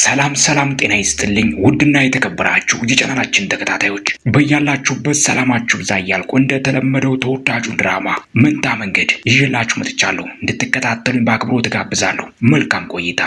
ሰላም ሰላም፣ ጤና ይስጥልኝ ውድና የተከበራችሁ የቻናላችን ተከታታዮች በያላችሁበት ሰላማችሁ ብዛ እያልኩ እንደተለመደው ተወዳጁን ድራማ መንታ መንገድ ይዤላችሁ መጥቻለሁ። እንድትከታተሉኝ በአክብሮ ትጋብዛለሁ። መልካም ቆይታ።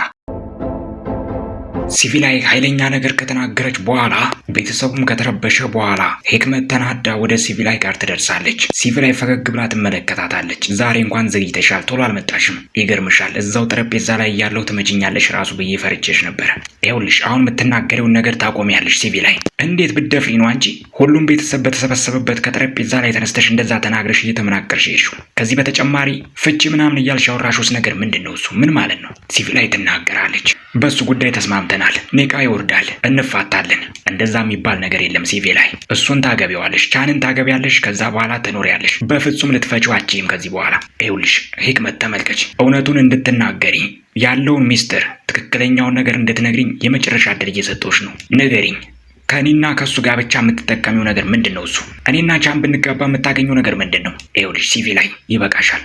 ሲቪላይ ኃይለኛ ነገር ከተናገረች በኋላ ቤተሰቡም ከተረበሸ በኋላ ሂክመት ተናዳ ወደ ሲቪላይ ጋር ትደርሳለች። ሲቪላይ ፈገግ ብላ ትመለከታታለች። ዛሬ እንኳን ዘግይተሻል፣ ቶሎ አልመጣሽም። ይገርምሻል፣ እዛው ጠረጴዛ ላይ ያለው ትመጭኛለሽ ራሱ ብዬ ፈርቼሽ ነበር። ይኸውልሽ አሁን የምትናገሪውን ነገር ታቆሚያለሽ። ሲቪላይ እንዴት ብደፍሪ ነው አንቺ? ሁሉም ቤተሰብ በተሰበሰበበት ከጠረጴዛ ላይ ተነስተሽ እንደዛ ተናግረሽ እየተመናገርሽ ይሹ። ከዚህ በተጨማሪ ፍቺ ምናምን እያልሽ ያወራሽ ውስጥ ነገር ምንድን ነው? እሱ ምን ማለት ነው? ሲቪላይ ትናገራለች። በእሱ ጉዳይ ተስማምተ ተፋተናል፣ ኒቃ ይወርዳል፣ እንፋታለን። እንደዛ የሚባል ነገር የለም ሲቪ ላይ። እሱን ታገቢዋለሽ፣ ቻንን ታገቢያለሽ፣ ከዛ በኋላ ትኖሪያለሽ። በፍጹም ልትፈጪው አትችይም ከዚህ በኋላ። ይኸውልሽ ሂክመት ተመልከች፣ እውነቱን እንድትናገሪ ያለውን ሚስጥር፣ ትክክለኛውን ነገር እንድትነግሪኝ የመጨረሻ ዕድል እየሰጠሁሽ ነው። ንገሪኝ ከእኔና ከእሱ ጋር ብቻ የምትጠቀሚው ነገር ምንድን ነው? እሱ እኔና ቻን ብንጋባ የምታገኘው ነገር ምንድን ነው? ይኸውልሽ ሲቪ ላይ ይበቃሻል።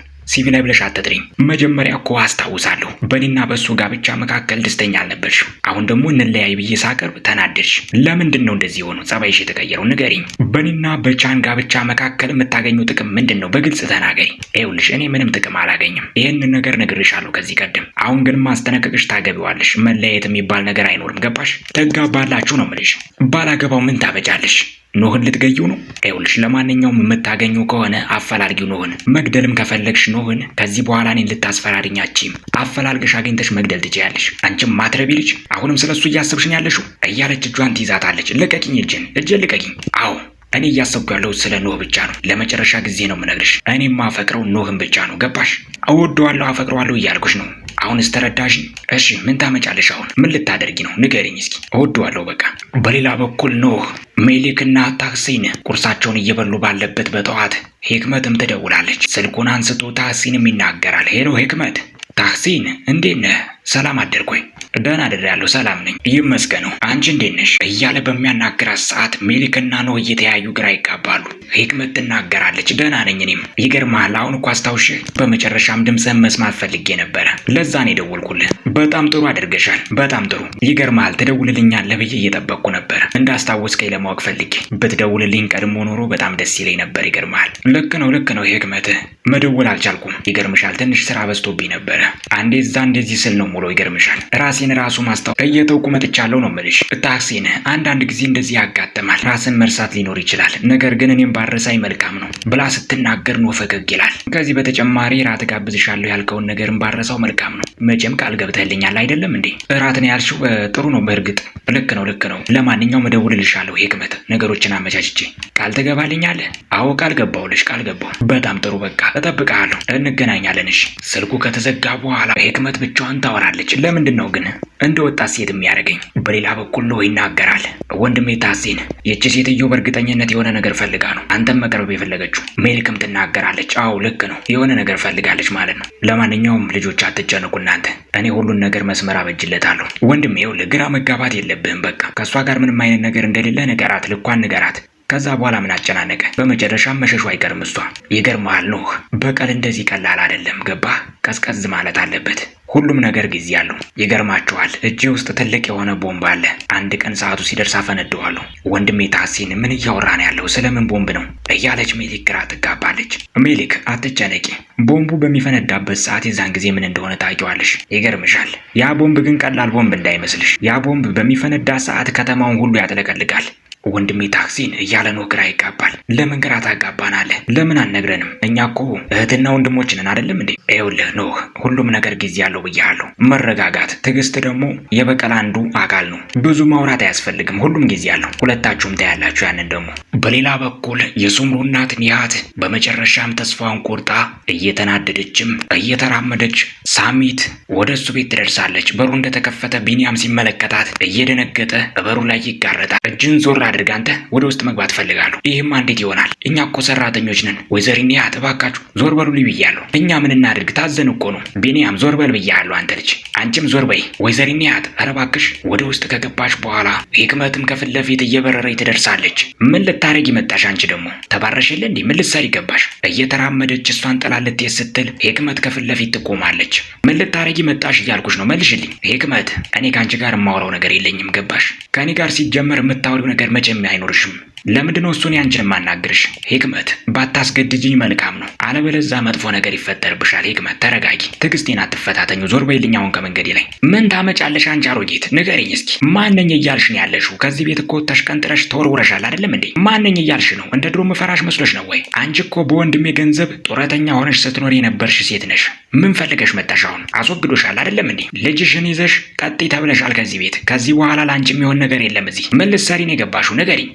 ላይ ብለሽ አትጥሪኝ። መጀመሪያ እኮ አስታውሳለሁ በእኔና በእሱ ጋብቻ መካከል ደስተኛ አልነበርሽ። አሁን ደግሞ እንለያይ ብዬ ሳቀርብ ተናደድሽ። ለምንድን ነው እንደዚህ የሆነው? ጸባይሽ የተቀየረው ንገሪኝ። በእኔና በቻን ጋብቻ መካከል የምታገኘው ጥቅም ምንድን ነው? በግልጽ ተናገሪ። ይኸውልሽ እኔ ምንም ጥቅም አላገኝም። ይህንን ነገር ነግሬሻለሁ ከዚህ ቀደም። አሁን ግን ማስጠነቀቅሽ ታገቢዋለሽ። መለያየት የሚባል ነገር አይኖርም። ገባሽ? ተጋባላችሁ ነው የምልሽ። ባላገባው ምን ታበጃለሽ? ኖህን ልትገዩ ነው? ይኸውልሽ ለማንኛውም የምታገኙ ከሆነ አፈላልጊው ኖህን። መግደልም ከፈለግሽ ኖህን ከዚህ በኋላ እኔን ልታስፈራሪኝ አትችይም። አፈላልገሽ አግኝተሽ መግደል ትችያለሽ። አንቺም ማትረቢ ልጅ፣ አሁንም ስለሱ እያሰብሽ ነው ያለሽው እያለች እጇን ትይዛታለች። ልቀቂኝ፣ እጄን፣ እጅን፣ ልቀቂኝ። አዎ እኔ እያሰብኩ ያለው ስለ ኖህ ብቻ ነው። ለመጨረሻ ጊዜ ነው የምነግርሽ። እኔ ማፈቅረው ኖህን ብቻ ነው። ገባሽ? እወደዋለሁ፣ አፈቅረዋለሁ እያልኩሽ ነው። አሁን እስተረዳሽ። እሺ፣ ምን ታመጫለሽ? አሁን ምን ልታደርጊ ነው? ንገሪኝ እስኪ። እወደዋለሁ፣ በቃ። በሌላ በኩል ኖህ ሜሊክና ታህሲን ቁርሳቸውን እየበሉ ባለበት በጠዋት ሂክመትም ትደውላለች። ስልኩን አንስቶ ታህሲንም ይናገራል። ሄሎ ሂክመት። ታህሲን እንዴት ነህ? ሰላም አደርኩኝ። ደህና ያለው ሰላም ነኝ ይመስገነው። አንቺ እንዴት ነሽ? እያለ በሚያናግራት ሰዓት ሜሊክና ኖ እየተያዩ ግራ ይጋባሉ። ህክመት ትናገራለች፣ ደህና ነኝ እኔም። ይገርማል አሁን እኮ አስታውሽ፣ በመጨረሻም ድምፅህን መስማት ፈልጌ ነበረ፣ ለዛ ነው የደወልኩልህ። በጣም ጥሩ አድርገሻል፣ በጣም ጥሩ። ይገርምሃል፣ ትደውልልኛለህ ብዬ እየጠበቅኩ ነበረ። እንዳስታወስከኝ ለማወቅ ፈልጌ። ብትደውልልኝ ቀድሞ ኖሮ በጣም ደስ ይለኝ ነበር። ይገርምሃል። ልክ ነው፣ ልክ ነው ልክ ነው ህክመትህ መደወል አልቻልኩም። ይገርምሻል፣ ትንሽ ስራ በዝቶብኝ ነበረ። አንዴ እዛ እንደዚህ ስል ነው ሙሉ ይገርምሻል። ራሴን ራሱ ማስታወ እየተውኩ መጥቻለሁ ነው የምልሽ። ታክሲን አንዳንድ ጊዜ እንደዚህ ያጋጠማል። ራስን መርሳት ሊኖር ይችላል፣ ነገር ግን እኔም ባረሳይ መልካም ነው ብላ ስትናገር ኖህ ፈገግ ይላል። ከዚህ በተጨማሪ ራት ጋብዝሻለሁ ያልከውን ነገርን ባረሳው መልካም ነው። መቼም ቃል ገብተህልኛል አይደለም እንዴ? እራት ነው ያልሽው። ጥሩ ነው። በእርግጥ ልክ ነው፣ ልክ ነው። ለማንኛውም እደውልልሻለሁ ህክመት፣ ነገሮችን አመቻችቼ። ቃል ትገባልኛለህ? አዎ ቃል ገባሁልሽ፣ ቃል ገባሁ። በጣም ጥሩ በቃ እጠብቅሃለሁ፣ እንገናኛለን። እሺ። ስልኩ ከተዘጋ በኋላ ህክመት ብቻዋን ታወራል። ትናገራለች። ለምንድን ነው ግን እንደ ወጣት ሴት የሚያደርገኝ? በሌላ በኩል ነው ይናገራል። ወንድሜ ታሴን፣ ይቺ ሴትዮ በእርግጠኝነት የሆነ ነገር ፈልጋ ነው አንተም መቅረብ የፈለገችው። ሜልክም ትናገራለች። አዎ ልክ ነው፣ የሆነ ነገር ፈልጋለች ማለት ነው። ለማንኛውም ልጆች አትጨንቁ እናንተ፣ እኔ ሁሉን ነገር መስመር አበጅለታለሁ። ወንድሜ ይኸውልህ፣ ግራ መጋባት የለብህም። በቃ ከእሷ ጋር ምንም አይነት ነገር እንደሌለ ንገራት፣ ልኳን ንገራት። ከዛ በኋላ ምን አጨናነቀ? በመጨረሻ መሸሹ አይቀርም። እሷ ይገርምሃል፣ ኖህ በቀል እንደዚህ ቀላል አይደለም። ገባህ? ቀዝቀዝ ማለት አለበት። ሁሉም ነገር ጊዜ አለው። ይገርማችኋል፣ እጄ ውስጥ ትልቅ የሆነ ቦምብ አለ። አንድ ቀን ሰዓቱ ሲደርስ አፈነድዋለሁ። ወንድሜ ታሲን ምን እያወራ ነው ያለው? ስለምን ቦምብ ነው እያለች ሜሊክ ግራ ትጋባለች። ሜሊክ አትጨነቂ፣ ቦምቡ በሚፈነዳበት ሰዓት የዛን ጊዜ ምን እንደሆነ ታውቂዋለሽ። ይገርምሻል፣ ያ ቦምብ ግን ቀላል ቦምብ እንዳይመስልሽ። ያ ቦምብ በሚፈነዳ ሰዓት ከተማውን ሁሉ ያጥለቀልቃል። ወንድሜ ታክሲን እያለ ነው። ግራ ይጋባል። ለምን ግራ ታጋባናለህ? ለምን አንነግረንም? እኛ እኮ እህትና ወንድሞች ነን አይደለም እንዴ? ይኸውልህ ነው ሁሉም ነገር ጊዜ ያለው ብያለሁ። መረጋጋት። ትዕግስት ደግሞ የበቀል አንዱ አካል ነው። ብዙ ማውራት አያስፈልግም። ሁሉም ጊዜ ያለው። ሁለታችሁም ታያላችሁ ያንን ደግሞ። በሌላ በኩል የሱምሩ እናት ኒያት በመጨረሻም ተስፋውን ቆርጣ እየተናደደችም እየተራመደች ሳሚት ወደ እሱ ቤት ትደርሳለች። በሩ እንደተከፈተ ቢኒያም ሲመለከታት እየደነገጠ በሩ ላይ ይጋረጣል። እጅን ዞር አድርግ አንተ ወደ ውስጥ መግባት እፈልጋለሁ። ይህማ እንዴት ይሆናል? እኛ እኮ ሰራተኞች ነን። ወይዘሪን ያ ተባካችሁ ዞር በሉልኝ ብያለሁ። እኛ ምን እናድርግ? ታዘን እኮ ነው። ቢኒያም ዞር በል ብያለሁ። አንተ ልጅ አንቺም ዞር በይ። ወይዘሪን ያት እባክሽ ወደ ውስጥ ከገባሽ በኋላ ህክመትም ከፊት ለፊት እየበረረኝ ትደርሳለች። ምን ልታረጊ መጣሽ? አንቺ ደግሞ ተባረሸለ እንዲ ምን ልትሰሪ ገባሽ? እየተራመደች እሷን ጥላ ስትል ህክመት ከፊት ለፊት ትቆማለች። ምን ልታረጊ ይመጣሽ እያልኩሽ ነው፣ መልሽልኝ። ህክመት እኔ ከአንቺ ጋር የማውራው ነገር የለኝም ገባሽ? ከእኔ ጋር ሲጀመር የምታወሪው ነገር መቼም አይኖርሽም ለምንድነው ነው እሱን ያንቺን የማናግርሽ? ሂክመት ባታስገድጅኝ መልካም ነው፣ አለበለዛ መጥፎ ነገር ይፈጠርብሻል። ሂክመት ተረጋጊ፣ ትዕግስቴን አትፈታተኙ። ዞር በይልኝ አሁን ከመንገዴ ላይ። ምን ታመጫለሽ አንቺ አሮጌት? ንገርኝ እስኪ ማነኝ እያልሽ ነው ያለሽው? ከዚህ ቤት እኮ ወጥተሽ ቀንጥረሽ ተወርውረሻል አይደለም እንዴ? ማነኝ እያልሽ ነው? እንደ ድሮ መፈራሽ መስሎሽ ነው ወይ? አንቺ እኮ በወንድሜ ገንዘብ ጡረተኛ ሆነሽ ስትኖር የነበርሽ ሴት ነሽ። ምን ፈልገሽ መጣሽ? አሁን አስወግዶሻል አይደለም እንዴ? ልጅሽን ይዘሽ ቀጥ ተብለሻል ከዚህ ቤት። ከዚህ በኋላ ለአንቺ የሚሆን ነገር የለም እዚህ። ምን ልትሰሪ ነው የገባሽው? ንገሪኝ።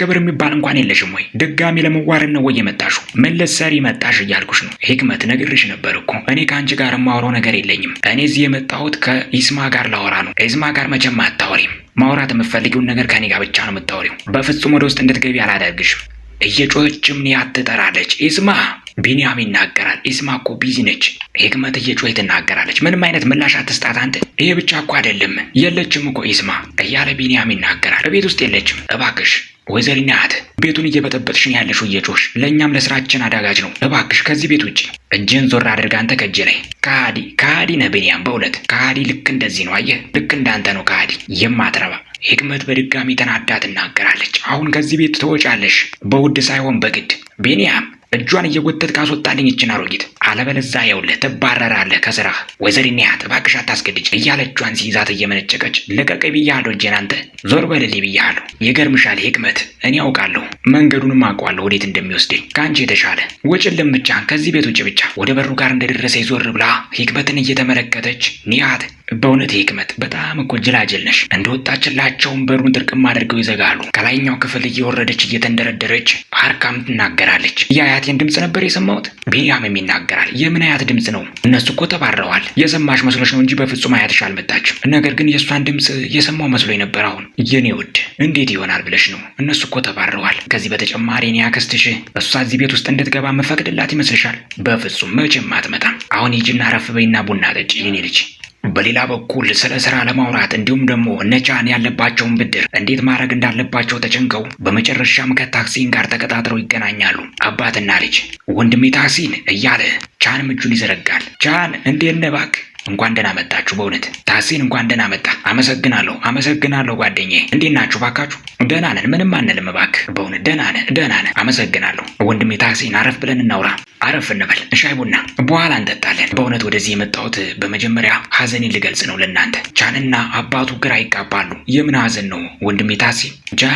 ክብር የሚባል እንኳን የለሽም ወይ? ድጋሚ ለመዋረድ ነው ወይ የመጣሹ? ምን ልትሰሪ መጣሽ እያልኩሽ ነው። ሂክመት ነግርሽ ነበር እኮ እኔ ከአንቺ ጋር የማወራው ነገር የለኝም። እኔ እዚህ የመጣሁት ከኢስማ ጋር ላወራ ነው። ከኢስማ ጋር መቼም አታወሪም። ማውራት የምፈልጊውን ነገር ከኔ ጋር ብቻ ነው የምታወሪው። በፍጹም ወደ ውስጥ እንድትገቢ አላደርግሽም። እየጮችም ኒያት ትጠራለች። ኢስማ ቢንያም ይናገራል። ኢስማ እኮ ቢዚ ነች። ሂክመት እየጮኸች ትናገራለች። ምንም አይነት ምላሽ አትስጣት አንተ። ይሄ ብቻ እኮ አይደለም የለችም እኮ ኢስማ እያለ ቢንያም ይናገራል። እቤት ውስጥ የለችም እባክሽ ወይዘሪት ናት ቤቱን እየበጠበጥሽ ነው ያለሽው፣ እየጮሽ ለእኛም ለስራችን አዳጋጅ ነው። እባክሽ ከዚህ ቤት ውጭ። እጅን ዞር አድርግ አንተ ከእጄ ላይ። ከሃዲ ከሃዲ ነህ ቢንያም፣ በእውነት ከሃዲ። ልክ እንደዚህ ነው አየህ፣ ልክ እንዳንተ ነው ከሃዲ የማትረባ ህክመት በድጋሚ ተናዳ ትናገራለች። አሁን ከዚህ ቤት ትወጫለሽ፣ በውድ ሳይሆን በግድ ቢንያም እጇን እየጎተት ካስወጣልኝ ይችን አሮጊት፣ አለበለዛ የውልህ ትባረራለህ ከስራህ። ወይዘሪት ኒያት እባክሽ አታስገድጅ እያለ እጇን ሲይዛት እየመነጨቀች ልቀቅ ብያለሁ፣ እጄን አንተ ዞር በልልኝ ብያለሁ። የገርምሻል ህክመት እኔ አውቃለሁ፣ መንገዱንም አውቀዋለሁ ወዴት እንደሚወስደኝ። ከአንቺ የተሻለ ውጭልን ብቻ፣ ከዚህ ቤት ውጭ ብቻ። ወደ በሩ ጋር እንደደረሰ ይዞር ብላ ህክመትን እየተመለከተች ኒያት በእውነት ህክመት በጣም እኮ ጅላጅል ነሽ። እንደ በሩን ጥርቅም አድርገው ይዘጋሉ። ከላይኛው ክፍል እየወረደች እየተንደረደረች አርካም ትናገራለች። የአያቴን ድምፅ ነበር የሰማሁት። ቢንያምም ይናገራል። የምን አያት ድምፅ ነው? እነሱ እኮ ተባረዋል። የሰማሽ መስሎች ነው እንጂ በፍጹም አያትሽ አልመጣችም። ነገር ግን የእሷን ድምፅ የሰማው መስሎኝ ነበር። አሁን የኔ ውድ እንዴት ይሆናል ብለሽ ነው? እነሱ እኮ ተባረዋል። ከዚህ በተጨማሪ እኔ አክስትሽ እሷ እዚህ ቤት ውስጥ እንድትገባ መፈቅድላት ይመስልሻል? በፍጹም መቼም አትመጣም። አሁን ሂጂና ረፍ ቡና ጠጪ የኔ ልጅ በሌላ በኩል ስለ ስራ ለማውራት እንዲሁም ደግሞ እነቻን ያለባቸውን ብድር እንዴት ማድረግ እንዳለባቸው ተጨንቀው በመጨረሻም ከታክሲን ጋር ተቀጣጥረው ይገናኛሉ። አባትና ልጅ ወንድሜ ታክሲን እያለ ቻንም እጁን ይዘረጋል። ቻን እንዴት ነህ እባክህ እንኳን ደህና መጣችሁ። በእውነት ታሲን እንኳን ደህና መጣ። አመሰግናለሁ፣ አመሰግናለሁ ጓደኛዬ። እንዴት ናችሁ? እባካችሁ ደህና ነን፣ ምንም አንልም። እባክህ በእውነት ደህና ነን፣ ደህና ነን። አመሰግናለሁ ወንድሜ ታሲን። አረፍ ብለን እናውራ፣ አረፍ እንበል። ሻይ ቡና በኋላ እንጠጣለን። በእውነት ወደዚህ የመጣሁት በመጀመሪያ ሀዘኔን ልገልጽ ነው ለእናንተ። ቻንና አባቱ ግራ ይጋባሉ። የምን ሀዘን ነው ወንድሜ ታሲ ጃን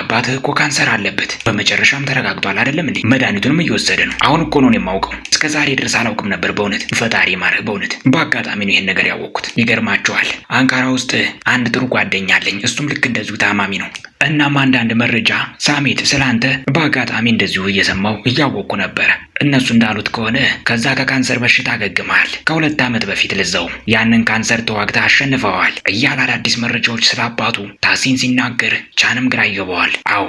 አባትህ እኮ ካንሰር አለበት። በመጨረሻም ተረጋግቷል አይደለም እንዴ? መድኃኒቱንም እየወሰደ ነው። አሁን እኮ ነው የማውቀው። እስከዛሬ ድረስ አላውቅም ነበር በእውነት። ፈጣሪ ማረህ በእውነት ባጋ አጋጣሚ ነው ይሄን ነገር ያወቅኩት። ይገርማችኋል አንካራ ውስጥ አንድ ጥሩ ጓደኛ አለኝ። እሱም ልክ እንደዚሁ ታማሚ ነው። እናም አንዳንድ መረጃ ሳሜት ስላንተ በአጋጣሚ እንደዚሁ እየሰማው እያወቅኩ ነበረ። እነሱ እንዳሉት ከሆነ ከዛ ከካንሰር በሽታ አገግመሃል። ከሁለት ዓመት በፊት ልዘው ያንን ካንሰር ተዋግታ አሸንፈዋል እያለ አዳዲስ መረጃዎች ስለ አባቱ ታሲን ሲናገር ቻንም ግራ ይገባዋል። አዎ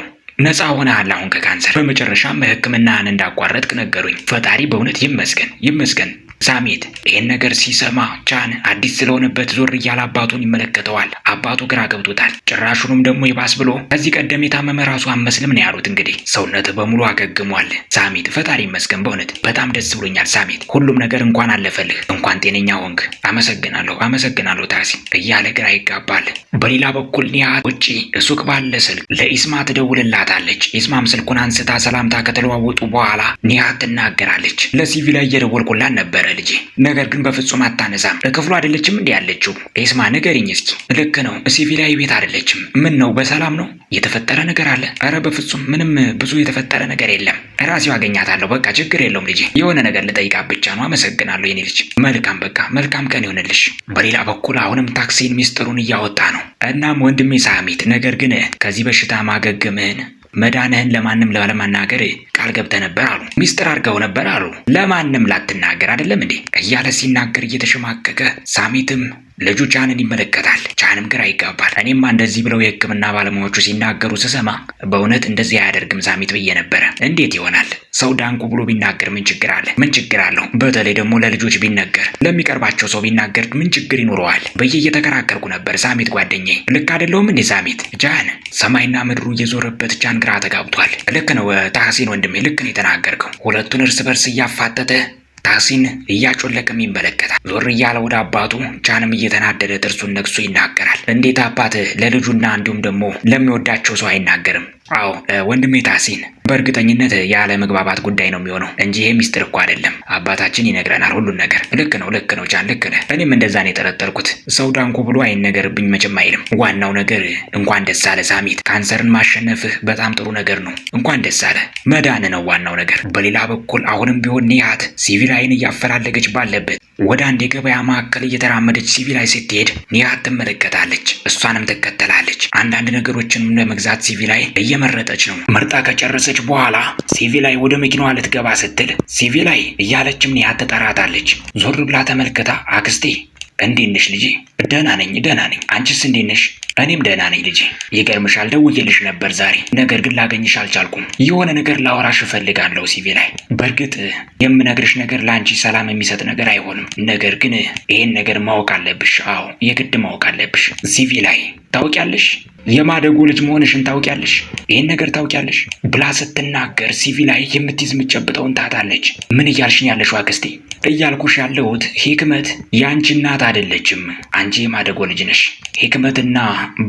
ነፃ ሆነሃል አሁን ከካንሰር። በመጨረሻም ሕክምናህን እንዳቋረጥክ ነገሩኝ። ፈጣሪ በእውነት ይመስገን ይመስገን። ሳሜት ይህን ነገር ሲሰማ ቻን አዲስ ስለሆነበት ዞር እያለ አባቱን ይመለከተዋል። አባቱ ግራ ገብቶታል። ጭራሹንም ደግሞ ይባስ ብሎ ከዚህ ቀደም የታመመ ራሱ አመስልም ነው ያሉት። እንግዲህ ሰውነት በሙሉ አገግሟል። ሳሜት ፈጣሪ ይመስገን፣ በእውነት በጣም ደስ ብሎኛል። ሳሜት ሁሉም ነገር እንኳን አለፈልህ፣ እንኳን ጤነኛ ሆንክ። አመሰግናለሁ፣ አመሰግናለሁ ታሲ እያለ ግራ ይጋባል። በሌላ በኩል ኒያ ውጪ ሱቅ ባለ ስልክ ለኢስማ ትደውልላታለች። ኢስማም ስልኩን አንስታ ሰላምታ ከተለዋወጡ በኋላ ኒያ ትናገራለች። ለሲቪ ላይ ነበረ ልጄ፣ ነገር ግን በፍጹም አታነሳም። ለክፍሉ አይደለችም እንዲህ ያለችው። ኤስማ ንገሪኝ እስኪ። ልክ ነው፣ ሲቪላዊ ቤት አይደለችም። ምን ነው በሰላም ነው? የተፈጠረ ነገር አለ? እረ በፍጹም ምንም ብዙ የተፈጠረ ነገር የለም። ራሴው አገኛታለሁ። በቃ ችግር የለውም ልጄ። የሆነ ነገር ልጠይቃት ብቻ ነው። አመሰግናለሁ የኔ ልጅ። መልካም በቃ መልካም ቀን ይሆንልሽ። በሌላ በኩል አሁንም ታክሲን ሚስጥሩን እያወጣ ነው። እናም ወንድሜ ሳሚት ነገር ግን ከዚህ በሽታ ማገግምህን መዳንህን ለማንም ለማናገር ቃል ገብተ ነበር አሉ። ሚስጥር አድርገው ነበር አሉ። ለማንም ላትናገር አይደለም እንዴ እያለ ሲናገር እየተሸማቀቀ ሳሚትም ልጁ ጃንን ይመለከታል። ቻንም ግራ ይጋባል። እኔማ እንደዚህ ብለው የህክምና ባለሙያዎቹ ሲናገሩ ስሰማ በእውነት እንደዚህ አያደርግም ሳሚት ብዬ ነበረ። እንዴት ይሆናል? ሰው ዳንቁ ብሎ ቢናገር ምን ችግር አለ? ምን ችግር አለው? በተለይ ደግሞ ለልጆች ቢነገር፣ ለሚቀርባቸው ሰው ቢናገር ምን ችግር ይኖረዋል ብዬ እየተከራከርኩ ነበር። ሳሚት ጓደኛዬ ልክ አይደለሁም እንዴ? ሳሚት ጃን ሰማይና ምድሩ እየዞረበት ጃን ግራ ተጋብቷል። ልክ ነው ታህሲን ወንድሜ፣ ልክ ነው የተናገርከው። ሁለቱን እርስ በርስ እያፋጠጠ ታሲን እያጮለቅም ይመለከታል። ዞር እያለ ወደ አባቱ ጃንም እየተናደደ ጥርሱን ነክሶ ይናገራል። እንዴት አባት ለልጁና እንዲሁም ደግሞ ለሚወዳቸው ሰው አይናገርም? አዎ ወንድሜ ታሲን፣ በእርግጠኝነት ያለ መግባባት ጉዳይ ነው የሚሆነው እንጂ ይሄ ሚስጥር እኮ አይደለም። አባታችን ይነግረናል ሁሉን ነገር። ልክ ነው፣ ልክ ነው ጃን፣ ልክ ነህ። እኔም እንደዛ ነው የጠረጠርኩት። ሰው ዳንኩ ብሎ አይን ነገርብኝ መቼም አይልም። ዋናው ነገር እንኳን ደስ አለ ሳሚት፣ ካንሰርን ማሸነፍህ በጣም ጥሩ ነገር ነው። እንኳን ደስ አለ፣ መዳን ነው ዋናው ነገር። በሌላ በኩል አሁንም ቢሆን ኒያት ሲቪላይን እያፈላለገች ባለበት ወደ አንድ የገበያ ማዕከል እየተራመደች ሲቪላይ ስትሄድ ኒያት ትመለከታለች፣ እሷንም ትከተላለች። አንዳንድ ነገሮችንም ለመግዛት ሲቪላይ እየመረጠች ነው። መርጣ ከጨረሰች በኋላ ሲቪላይ ወደ መኪናዋ ልትገባ ስትል ሲቪላይ እያለችም ኒሃት ትጠራታለች። ዞር ብላ ተመልክታ አክስቴ እንዴት ነሽ ልጄ? ደህና ነኝ ደህና ነኝ። አንቺስ እንዴት ነሽ? እኔም ደህና ነኝ ልጄ። ይገርምሻል ደውዬልሽ ነበር ዛሬ፣ ነገር ግን ላገኝሽ አልቻልኩም። የሆነ ነገር ላወራሽ እፈልጋለሁ ሲቪ ላይ። በእርግጥ የምነግርሽ ነገር ለአንቺ ሰላም የሚሰጥ ነገር አይሆንም፣ ነገር ግን ይሄን ነገር ማወቅ አለብሽ። አዎ የግድ ማወቅ አለብሽ ሲቪ ላይ። ታውቂያለሽ የማደጎ ልጅ መሆንሽን ታውቂያለሽ። ይህን ነገር ታውቂያለሽ ብላ ስትናገር ሲቪ ላይ የምትይዝ የምትጨብጠውን ታታለች። ምን እያልሽን ያለሽው አክስቴ? እያልኩሽ ያለሁት ሂክመት የአንቺ እናት አይደለችም። አንቺ የማደጎ ልጅ ነሽ። ሂክመትና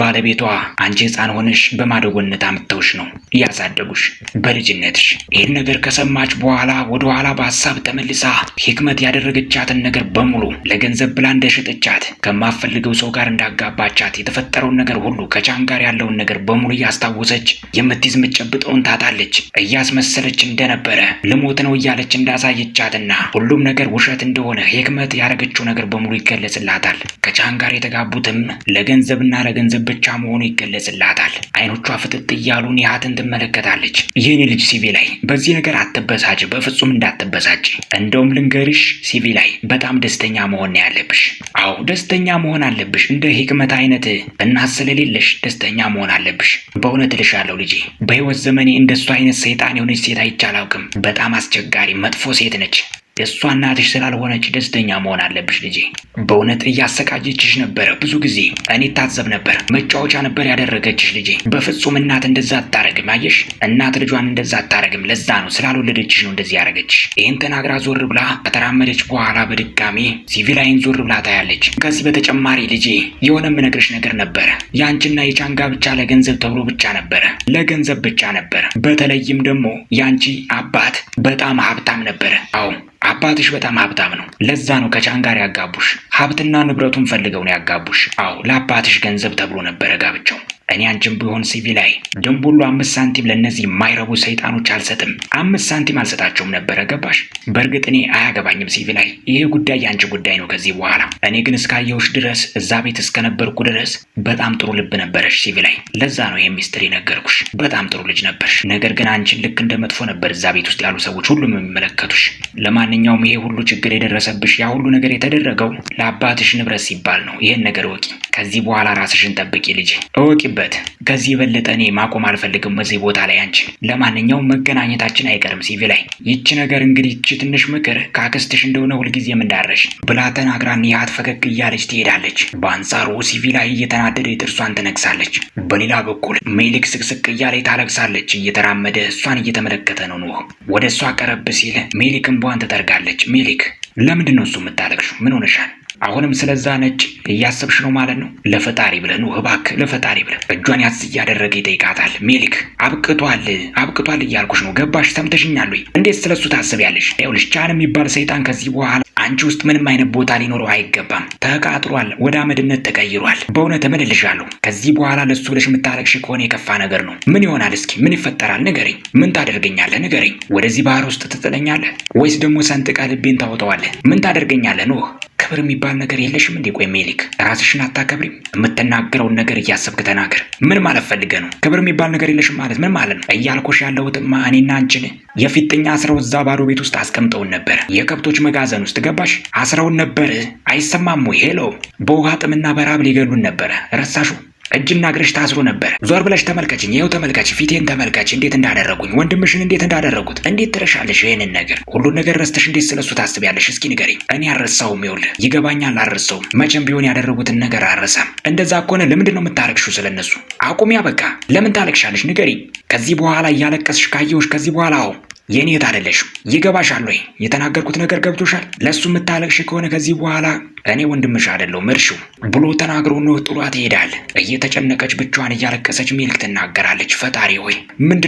ባለቤቷ አንቺ ህፃን ሆነሽ በማደጎነት አምጥተውሽ ነው እያሳደጉሽ በልጅነትሽ። ይህን ነገር ከሰማች በኋላ ወደ ኋላ በሀሳብ ተመልሳ ሂክመት ያደረገቻትን ነገር በሙሉ ለገንዘብ ብላ እንደሸጠቻት፣ ከማፈልገው ሰው ጋር እንዳጋባቻት፣ የተፈጠረውን ነገር ሁሉ ከቻን ጋር ያለውን ነገር በሙሉ እያስታወሰች የምትይዝ ምጨብጠውን ታጣለች። እያስመሰለች እንደነበረ ልሞት ነው እያለች እንዳሳየቻትና ሁሉም ነገር ውሸት እንደሆነ ሂክመት ያደረገችው ነገር በሙሉ ይገለጽላታል። ከቻን ጋር የተጋቡትም ለገንዘብና ለገ ገንዘብ ብቻ መሆኑ ይገለጽላታል። አይኖቿ ፍጥጥ እያሉ ኒሃትን ትመለከታለች። የኔ ልጅ ሲቪ ላይ በዚህ ነገር አትበሳጭ፣ በፍጹም እንዳትበሳጭ። እንደውም ልንገርሽ ሲቪ ላይ በጣም ደስተኛ መሆን ያለብሽ። አዎ ደስተኛ መሆን አለብሽ። እንደ ህክመት አይነት እናት ስለሌለሽ ደስተኛ መሆን አለብሽ። በእውነት እልሻለሁ ልጄ፣ በህይወት ዘመኔ እንደሱ አይነት ሰይጣን የሆነች ሴት አይቼ አላውቅም። በጣም አስቸጋሪ መጥፎ ሴት ነች። የእሷ እናትሽ ስላልሆነች ደስተኛ መሆን አለብሽ ልጄ። በእውነት እያሰቃየችሽ ነበረ። ብዙ ጊዜ እኔ ታዘብ ነበር። መጫወቻ ነበር ያደረገችሽ ልጄ። በፍጹም እናት እንደዛ አታረግም። አየሽ፣ እናት ልጇን እንደዛ አታረግም። ለዛ ነው ስላልወለደችሽ ነው እንደዚህ ያደረገች። ይህን ተናግራ ዞር ብላ ከተራመደች በኋላ በድጋሜ ሲቪላይን ዞር ብላ ታያለች። ከዚህ በተጨማሪ ልጄ የሆነ የምነግርሽ ነገር ነበረ። ያንቺና የቻንጋ ብቻ ለገንዘብ ተብሎ ብቻ ነበረ፣ ለገንዘብ ብቻ ነበረ። በተለይም ደግሞ ያንቺ አባት በጣም ሀብታም ነበረ። አዎ አባትሽ በጣም ሀብታም ነው። ለዛ ነው ከቻን ጋር ያጋቡሽ። ሀብትና ንብረቱን ፈልገው ነው ያጋቡሽ። አዎ ለአባትሽ ገንዘብ ተብሎ ነበረ ጋብቻው። እኔ አንቺም ቢሆን ሲቪ ላይ ደም ሁሉ አምስት ሳንቲም ለእነዚህ የማይረቡ ሰይጣኖች አልሰጥም። አምስት ሳንቲም አልሰጣቸውም ነበረ። ገባሽ? በእርግጥ እኔ አያገባኝም ሲቪ ላይ ይሄ ጉዳይ የአንቺ ጉዳይ ነው ከዚህ በኋላ። እኔ ግን እስካየሁሽ ድረስ እዛ ቤት እስከነበርኩ ድረስ በጣም ጥሩ ልብ ነበረሽ ሲቪ ላይ። ለዛ ነው ይሄ ሚስጥር የነገርኩሽ። በጣም ጥሩ ልጅ ነበርሽ። ነገር ግን አንቺን ልክ እንደ መጥፎ ነበር እዛ ቤት ውስጥ ያሉ ሰዎች ሁሉም የሚመለከቱሽ። ለማንኛውም ይሄ ሁሉ ችግር የደረሰብሽ ያ ሁሉ ነገር የተደረገው ለአባትሽ ንብረት ሲባል ነው። ይህን ነገር ወቂ። ከዚህ በኋላ ራስሽን ጠብቂ ልጅ፣ እወቂበት። ከዚህ የበለጠ እኔ ማቆም አልፈልግም እዚህ ቦታ ላይ አንቺን። ለማንኛውም መገናኘታችን አይቀርም ሲቪ ላይ። ይቺ ነገር እንግዲህ ይቺ ትንሽ ምክር ካክስትሽ እንደሆነ ሁልጊዜም እንዳረሽ ብላ ተናግራን ያት ፈገግ እያለች ትሄዳለች። በአንጻሩ ሲቪ ላይ እየተናደደ ጥርሷን ትነግሳለች። በሌላ በኩል ሜሊክ ስቅስቅ እያለ ታለቅሳለች። እየተራመደ እሷን እየተመለከተ ነው ኖህ። ወደ እሷ ቀረብ ሲል ሜሊክ እንቧን ትጠርጋለች። ሜሊክ ለምንድን ነው እሱ የምታለቅሹ? ምን ሆነሻል? አሁንም ስለዛ ነጭ እያሰብሽ ነው ማለት ነው። ለፈጣሪ ብለህ ነው እባክህ፣ ለፈጣሪ ብለህ እጇን ያዝ እያደረገ ይጠይቃታል። ሜሊክ አብቅቷል፣ አብቅቷል እያልኩሽ ነው። ገባሽ? ሰምተሽኛል ወይ? እንዴት ስለሱ ታስቢያለሽ? ይኸውልሽ ቻን የሚባል ሰይጣን ከዚህ በኋላ አንቺ ውስጥ ምንም አይነት ቦታ ሊኖረው አይገባም። ተቃጥሏል፣ ወደ አመድነት ተቀይሯል። በእውነት እምልልሻለሁ ከዚህ በኋላ ለሱ ብለሽ የምታለቅሽ ከሆነ የከፋ ነገር ነው። ምን ይሆናል? እስኪ ምን ይፈጠራል? ንገረኝ። ምን ታደርገኛለህ? ንገረኝ። ወደዚህ ባህር ውስጥ ትጥለኛለህ ወይስ ደግሞ ሰንጥቀህ ልቤን ታወጣዋለህ? ምን ታደርገኛለህ? ኖህ ክብር የሚባል ነገር የለሽም እንዴ? ቆይ ሜሊክ ራስሽን አታከብሪም? የምትናገረውን ነገር እያሰብክ ተናገር። ምን ማለት ፈልገ ነው? ክብር የሚባል ነገር የለሽም ማለት ምን ማለት ነው? እያልኮሽ ያለሁትማ እኔና አንቺን የፊተኛ አስረው እዛ ባዶ ቤት ውስጥ አስቀምጠውን ነበር። የከብቶች መጋዘን ውስጥ ገባሽ? አስረውን ነበር። አይሰማም ወይ? ሄሎ፣ በውሃ ጥምና በራብ ሊገሉን ነበረ። ረሳሹ እጅና እግርሽ ታስሮ ነበረ። ዞር ብለሽ ተመልከችኝ፣ ይኸው ተመልከች፣ ፊቴን ተመልከች፣ እንዴት እንዳደረጉኝ፣ ወንድምሽን እንዴት እንዳደረጉት። እንዴት ትረሻለሽ ይህንን ነገር? ሁሉን ነገር ረስተሽ እንዴት ስለሱ ታስቢያለሽ? እስኪ ንገሪኝ። እኔ አልረሳውም፣ ይኸውልህ፣ ይገባኛል፣ አልረሳውም። መቼም ቢሆን ያደረጉትን ነገር አልረሳም። እንደዛ ከሆነ ለምንድን ነው የምታረቅሹ? ስለነሱ አቁሚያ፣ በቃ ለምን ታለቅሻለሽ? ንገሪኝ። ከዚህ በኋላ እያለቀስሽ ካየሁሽ ከዚህ በኋላ አሁን የኔት አይደለሽም። ይገባሻል ወይ? የተናገርኩት ነገር ገብቶሻል? ለሱ የምታለቅሽ ከሆነ ከዚህ በኋላ እኔ ወንድምሽ አይደለሁም እርሺው ብሎ ተናግሮ ነው ጥሏት ይሄዳል። እየተጨነቀች ብቻዋን እያለቀሰች ሜሊክ ትናገራለች። ፈጣሪ ሆይ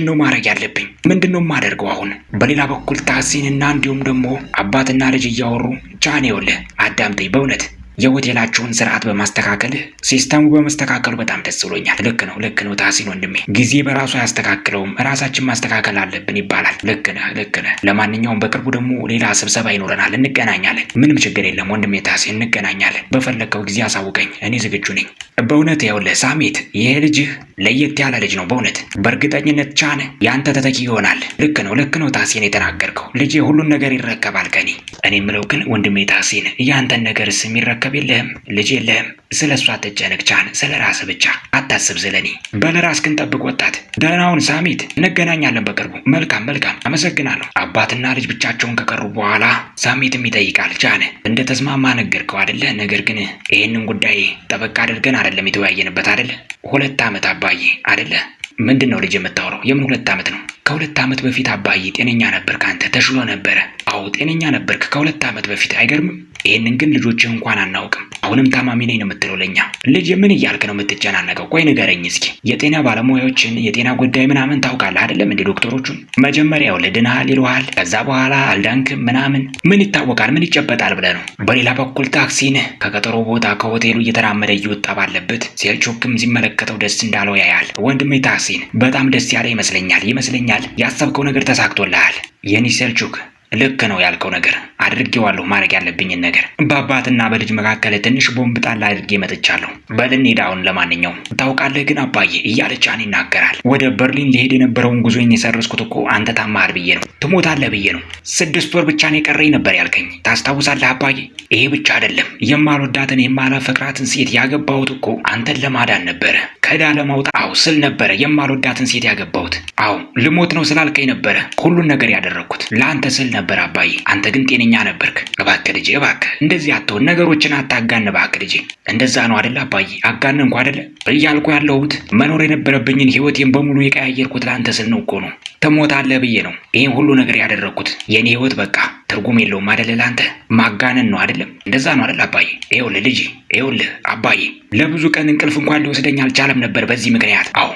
ነው ማድረግ ያለብኝ? ምንድን ነው የማደርገው አሁን? በሌላ በኩል ታሲንና እንዲሁም ደግሞ አባትና ልጅ እያወሩ ቻኔ ይኸውልህ አዳምጠኝ በእውነት የሆቴላቸውን ስርዓት በማስተካከል ሲስተሙ በመስተካከሉ በጣም ደስ ብሎኛል። ልክ ነው፣ ልክ ነው ታሲን ወንድሜ፣ ጊዜ በራሱ አያስተካክለውም፣ ራሳችን ማስተካከል አለብን ይባላል። ልክ ነህ፣ ልክ ነህ። ለማንኛውም በቅርቡ ደግሞ ሌላ ስብሰባ ይኖረናል፣ እንገናኛለን። ምንም ችግር የለም ወንድሜ ታሲን፣ እንገናኛለን። በፈለግከው ጊዜ አሳውቀኝ፣ እኔ ዝግጁ ነኝ። በእውነት ያውለ ሳሜት፣ ይሄ ልጅህ ለየት ያለ ልጅ ነው። በእውነት በእርግጠኝነት ቻን ያንተ ተተኪ ይሆናል። ልክ ነው፣ ልክ ነው ታሲን የተናገርከው ልጅ ሁሉን ነገር ይረከባል ከኔ። እኔ ምለው ግን ወንድሜ ታሲን ያንተን ስም የሚረከብ መከባከብ የለህም፣ ልጅ የለህም። ስለ እሷ አትጨነቅ ቻን፣ ስለ ራስ ብቻ አታስብ፣ ስለኔ በል ራስህን ጠብቅ ወጣት። ደህናውን ሳሚት፣ እንገናኛለን በቅርቡ። መልካም መልካም፣ አመሰግናለሁ። አባትና ልጅ ብቻቸውን ከቀሩ በኋላ ሳሚትም ይጠይቃል ቻን፣ እንደ ተስማማ ነገርከው አደለ ነገር ግን ይህንን ጉዳይ ጠበቅ አድርገን አይደለም የተወያየንበት አደለ ሁለት ዓመት አባዬ አይደለ ምንድን ነው ልጅ የምታወራው? የምን ሁለት ዓመት ነው? ከሁለት ዓመት በፊት አባዬ ጤነኛ ነበርክ አንተ፣ ተሽሎ ነበረ። አዎ ጤነኛ ነበርክ ከሁለት ዓመት በፊት አይገርምም? ይህንን ግን ልጆችህ እንኳን አናውቅም። አሁንም ታማሚ ነኝ ነው የምትለው ለኛ። ልጅ ምን እያልክ ነው የምትጨናነቀው? ቆይ ንገረኝ እስኪ። የጤና ባለሙያዎችን የጤና ጉዳይ ምናምን ታውቃለህ አይደለም? እንደ ዶክተሮቹን መጀመሪያው ልድንሃል ይለሃል፣ ከዛ በኋላ አልዳንክም ምናምን። ምን ይታወቃል ምን ይጨበጣል ብለህ ነው። በሌላ በኩል ታክሲን ከቀጠሮ ቦታ ከሆቴሉ እየተራመደ እየወጣ ባለበት ሴልቾክም ሲመለከተው ደስ እንዳለው ያያል። ወንድሜ ታክሲን በጣም ደስ ያለ ይመስለኛል ይመስለኛል ያሰብከው ነገር ተሳክቶልሃል። የኔ ሴልቾክ ልክ ነው ያልከው ነገር አድርጌዋለሁ። ማድረግ ያለብኝን ነገር በአባትና በልጅ መካከል ትንሽ ቦምብ ጣል አድርጌ መጥቻለሁ። በልን ሄድ አሁን። ለማንኛውም ታውቃለህ ግን አባዬ እያለች ጃን ይናገራል። ወደ በርሊን ሊሄድ የነበረውን ጉዞኝ የሰረስኩት እኮ አንተ ታማሃል ብዬ ነው፣ ትሞታለህ ብዬ ነው። ስድስት ወር ብቻ ነው የቀረኝ ነበር ያልከኝ። ታስታውሳለህ አባዬ? ይሄ ብቻ አይደለም የማልወዳትን የማላፈቅራትን ሴት ያገባሁት እኮ አንተን ለማዳን ነበረ፣ ከዳ ለማውጣት አው ስል ነበረ የማልወዳትን ሴት ያገባሁት። አው ልሞት ነው ስላልከኝ ነበረ ሁሉን ነገር ያደረግኩት ለአንተ ስል ነበር አባዬ። አንተ ግን ጤነኛ ነበርክ። እባክህ ልጄ እባክህ እንደዚህ አትሆን፣ ነገሮችን አታጋን እባክህ ልጄ። እንደዛ ነው አደለ አባዬ? አጋነንኩ አደለ እያልኩ ያለሁት መኖር የነበረብኝን ህይወቴን በሙሉ የቀያየርኩት ለአንተ ስል ነው እኮ ነው። ትሞታለህ ብዬ ነው ይህን ሁሉ ነገር ያደረግኩት። የእኔ ህይወት በቃ ትርጉም የለውም አደለ? ለአንተ ማጋነን ነው አደለም? እንደዛ ነው አደለ አባዬ? ይኸውልህ ልጄ፣ ይኸውልህ አባዬ፣ ለብዙ ቀን እንቅልፍ እንኳን ሊወስደኝ አልቻለም ነበር በዚህ ምክንያት አዎ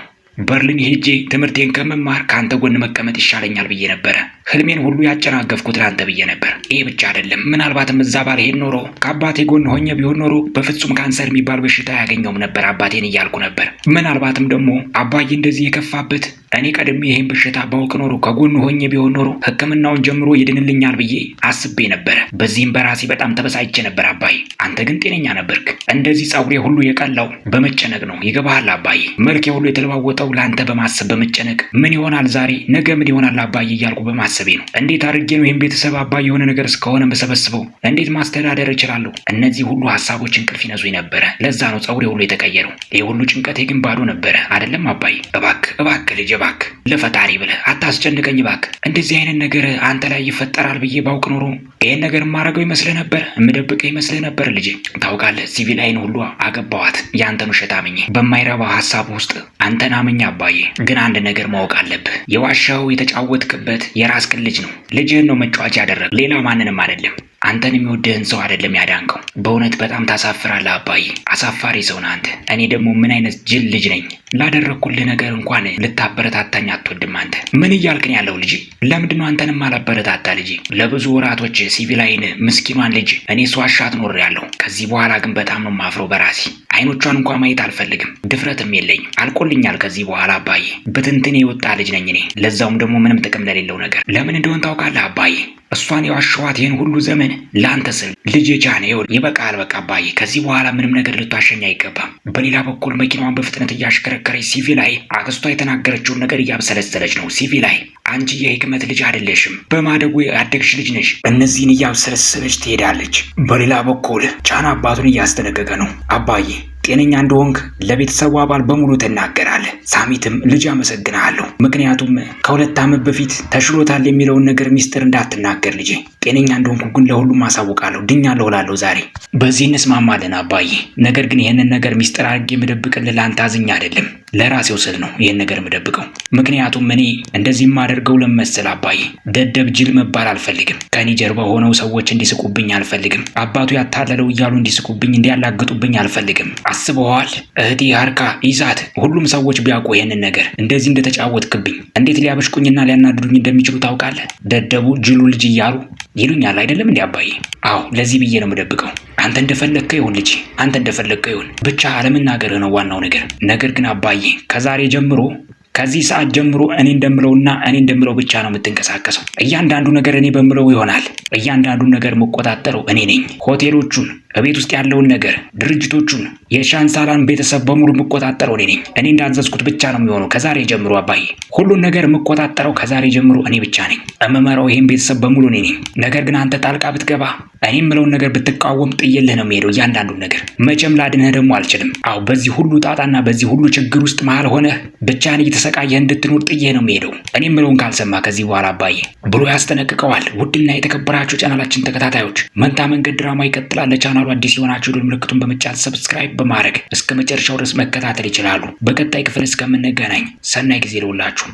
በርሊን ሄጄ ትምህርቴን ከመማር ከአንተ ጎን መቀመጥ ይሻለኛል ብዬ ነበረ። ህልሜን ሁሉ ያጨናገፍኩት ለአንተ ብዬ ነበር። ይሄ ብቻ አይደለም፣ ምናልባትም እዛ ባልሄድ ኖሮ ከአባቴ ጎን ሆኜ ቢሆን ኖሮ በፍጹም ካንሰር የሚባል በሽታ አያገኘውም ነበር አባቴን እያልኩ ነበር። ምናልባትም ደግሞ አባዬ እንደዚህ የከፋበት እኔ ቀድሜ ይህን በሽታ ባውቅ ኖሮ ከጎኑ ሆኜ ቢሆን ኖሮ ሕክምናውን ጀምሮ ይድንልኛል ብዬ አስቤ ነበረ። በዚህም በራሴ በጣም ተበሳጭቼ ነበር። አባዬ አንተ ግን ጤነኛ ነበርክ። እንደዚህ ጸጉሬ ሁሉ የቀላው በመጨነቅ ነው። ይገባሃል አባዬ? መልኬ ሁሉ የተለዋወጠው ለአንተ በማሰብ በመጨነቅ ምን ይሆናል ዛሬ፣ ነገ ምን ይሆናል አባዬ እያልኩ በማሰቤ ነው። እንዴት አድርጌ ነው ይህን ቤተሰብ አባዬ የሆነ ነገር እስከሆነ የምሰበስበው? እንዴት ማስተዳደር እችላለሁ? እነዚህ ሁሉ ሀሳቦች እንቅልፍ ይነዙኝ ነበረ። ለዛ ነው ጸጉሬ ሁሉ የተቀየረው። ይህ ሁሉ ጭንቀቴ ግን ባዶ ነበረ። አይደለም አባዬ? እባክህ እባክህ ልጄ እባክህ ለፈጣሪ ብለህ አታስጨንቀኝ እባክህ። እንደዚህ አይነት ነገር አንተ ላይ ይፈጠራል ብዬ ባውቅ ኖሮ ይህን ነገር የማደርገው ይመስልህ ነበር? የምደብቀ ይመስልህ ነበር? ልጄ ታውቃለህ፣ ሲቪል አይን ሁሉ አገባዋት የአንተን ውሸት አምኜ፣ በማይረባ ሀሳብ ውስጥ አንተን አምኜ። አባዬ ግን አንድ ነገር ማወቅ አለብህ። የዋሻው የተጫወትክበት የራስህን ልጅ ነው። ልጅህን ነው መጫወቻ ያደረግ፣ ሌላ ማንንም አይደለም። አንተን የሚወደህን ሰው አይደለም ያዳንከው። በእውነት በጣም ታሳፍራለህ አባዬ፣ አሳፋሪ ሰው ነህ አንተ። እኔ ደግሞ ምን አይነት ጅል ልጅ ነኝ? ላደረግኩልህ ነገር እንኳን ልታበረታታኝ አትወድም አንተ። ምን እያልክ ነው ያለው ልጅ? ለምንድነው አንተንም አላበረታታ ልጅ? ለብዙ ወራቶች ሲቪላይን ምስኪኗን ልጅ እኔ ስዋሻት ኖር ያለው። ከዚህ በኋላ ግን በጣም ነው ማፍረው በራሴ አይኖቿን እንኳ ማየት አልፈልግም። ድፍረትም የለኝ። አልቆልኛል ከዚህ በኋላ አባዬ። ብትንትን የወጣ ልጅ ነኝ እኔ፣ ለዛውም ደግሞ ምንም ጥቅም ለሌለው ነገር። ለምን እንደሆን ታውቃለህ አባዬ እሷን የዋሸኋት ይህን ሁሉ ዘመን ለአንተ ስል ልጅ ጃን ይኸውል፣ ይበቃል። በቃ አባዬ፣ ከዚህ በኋላ ምንም ነገር ልታሸኝ አይገባም። በሌላ በኩል መኪናዋን በፍጥነት እያሽከረከረች ሲቪ ላይ አክስቷ የተናገረችውን ነገር እያብሰለሰለች ነው። ሲቪ ላይ አንቺ የህክመት ልጅ አይደለሽም፣ በማደጉ ያደግሽ ልጅ ነሽ። እነዚህን እያብሰለሰለች ትሄዳለች። በሌላ በኩል ቻን አባቱን እያስጠነቀቀ ነው። አባዬ ጤነኛ እንደሆንክ ለቤተሰቡ አባል በሙሉ ትናገራለህ። ሳሚትም ልጅ አመሰግናለሁ፣ ምክንያቱም ከሁለት ዓመት በፊት ተሽሎታል የሚለውን ነገር ሚስጥር እንዳትናገር ልጄ። ጤነኛ እንደሆንኩ ግን ለሁሉም አሳውቃለሁ። ድኛለሁ እላለሁ ዛሬ። በዚህ እንስማማለን አባዬ። ነገር ግን ይህንን ነገር ሚስጥር አድርጌ የምደብቅልህ ለአንተ አዝኛ አይደለም ለራሴው ስል ነው ይህን ነገር የምደብቀው። ምክንያቱም እኔ እንደዚህ የማደርገው ለመሰል አባዬ ደደብ ጅል መባል አልፈልግም። ከኔ ጀርባ ሆነው ሰዎች እንዲስቁብኝ አልፈልግም። አባቱ ያታለለው እያሉ እንዲስቁብኝ፣ እንዲያላግጡብኝ አልፈልግም። አስበዋል እህቴ አርካ ይዛት ሁሉም ሰዎች ቢያውቁ ይህንን ነገር እንደዚህ እንደተጫወትክብኝ እንዴት ሊያበሽቁኝና ሊያናድዱኝ እንደሚችሉ ታውቃለህ። ደደቡ ጅሉ ልጅ እያሉ ይሉኛል አይደለም እንዲ አባዬ? አዎ ለዚህ ብዬ ነው የምደብቀው። አንተ እንደፈለግከ ይሁን ልጅ፣ አንተ እንደፈለግከ ይሁን ብቻ አለመናገርህ ነው ዋናው ነገር። ነገር ግን አባዬ ሩታዬ ከዛሬ ጀምሮ ከዚህ ሰዓት ጀምሮ እኔ እንደምለውና እኔ እንደምለው ብቻ ነው የምትንቀሳቀሰው። እያንዳንዱ ነገር እኔ በምለው ይሆናል። እያንዳንዱ ነገር መቆጣጠረው እኔ ነኝ። ሆቴሎቹን እቤት ውስጥ ያለውን ነገር ድርጅቶቹን፣ የሻንሳራን ቤተሰብ በሙሉ የምቆጣጠረው እኔ ነኝ። እኔ እንዳዘዝኩት ብቻ ነው የሚሆነው። ከዛሬ ጀምሮ አባዬ፣ ሁሉን ነገር የምቆጣጠረው ከዛሬ ጀምሮ እኔ ብቻ ነኝ። እምመራው ይህን ቤተሰብ በሙሉ እኔ ነኝ። ነገር ግን አንተ ጣልቃ ብትገባ፣ እኔ የምለውን ነገር ብትቃወም፣ ጥየልህ ነው የሚሄደው እያንዳንዱን ነገር። መቼም ላድንህ ደግሞ አልችልም። አሁ በዚህ ሁሉ ጣጣና በዚህ ሁሉ ችግር ውስጥ መሀል ሆነህ ብቻህን እየተሰቃየህ እንድትኖር ጥዬ ነው የሚሄደው። እኔ የምለውን ካልሰማ ከዚህ በኋላ አባዬ ብሎ ያስጠነቅቀዋል። ውድና የተከበራችሁ ቻናላችን ተከታታዮች መንታ መንገድ ድራማ ይቀጥላል። ለቻናሉ አዲስ የሆናችሁ የደወል ምልክቱን በመጫት ሰብስክራይብ በማድረግ እስከ መጨረሻው ድረስ መከታተል ይችላሉ። በቀጣይ ክፍል እስከምንገናኝ ሰናይ ጊዜ ይሁንላችሁ።